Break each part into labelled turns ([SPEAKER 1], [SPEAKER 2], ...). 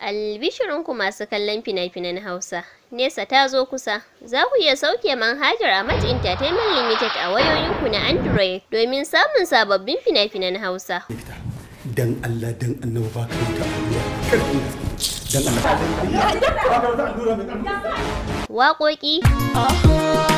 [SPEAKER 1] Albishirinku masu kallon fina-finan Hausa, Nesa ta zo kusa, za ku iya sauke manhajar Amat Entertainment Limited a wayoyinku na Android domin samun sababbin fina-finan Hausa. Dan Allah dan annabi ba ka Dan Allah. Waƙoƙi.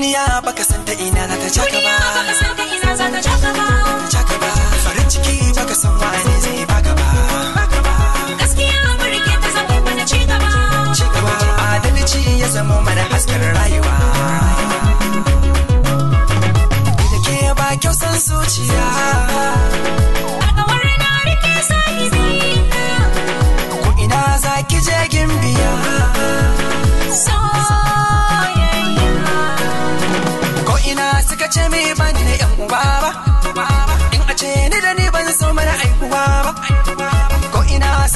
[SPEAKER 1] duniya baka san ta ina za ta caka ba jaka ba farin ciki baka san wane zai baka ba gaskiya burge ta zama mana ci gaba ci adalci ya zama mana hasken rayuwa da ke ba kyau san zuciya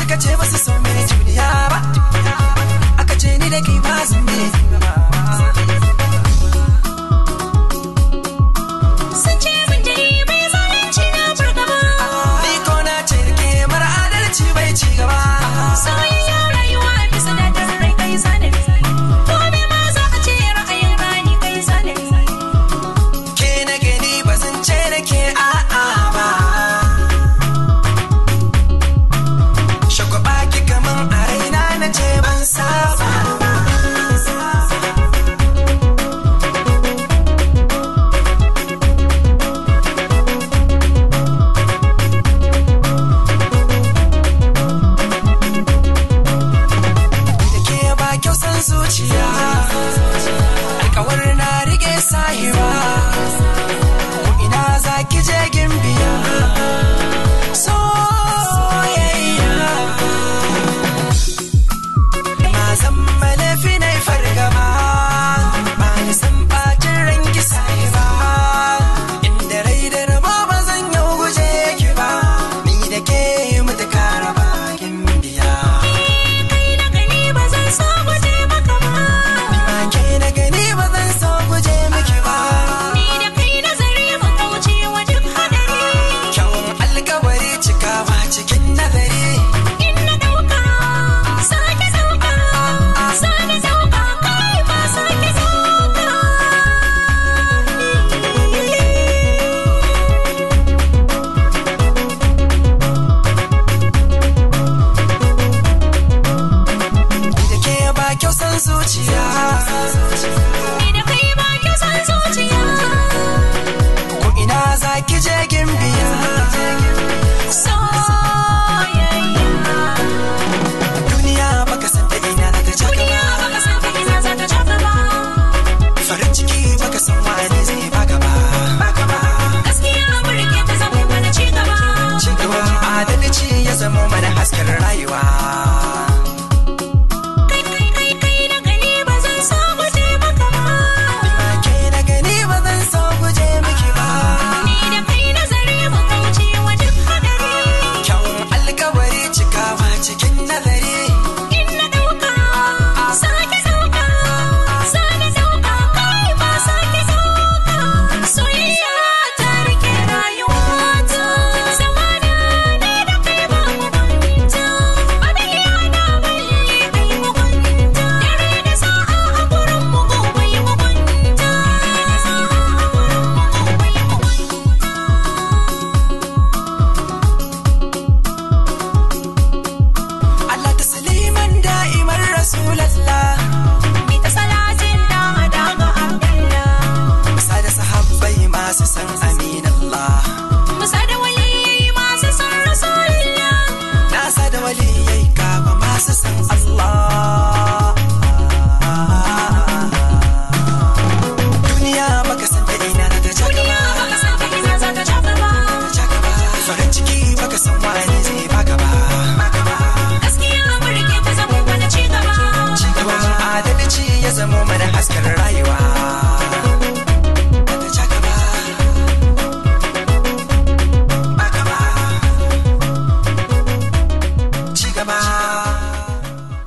[SPEAKER 1] significativa se são hasken rayuwa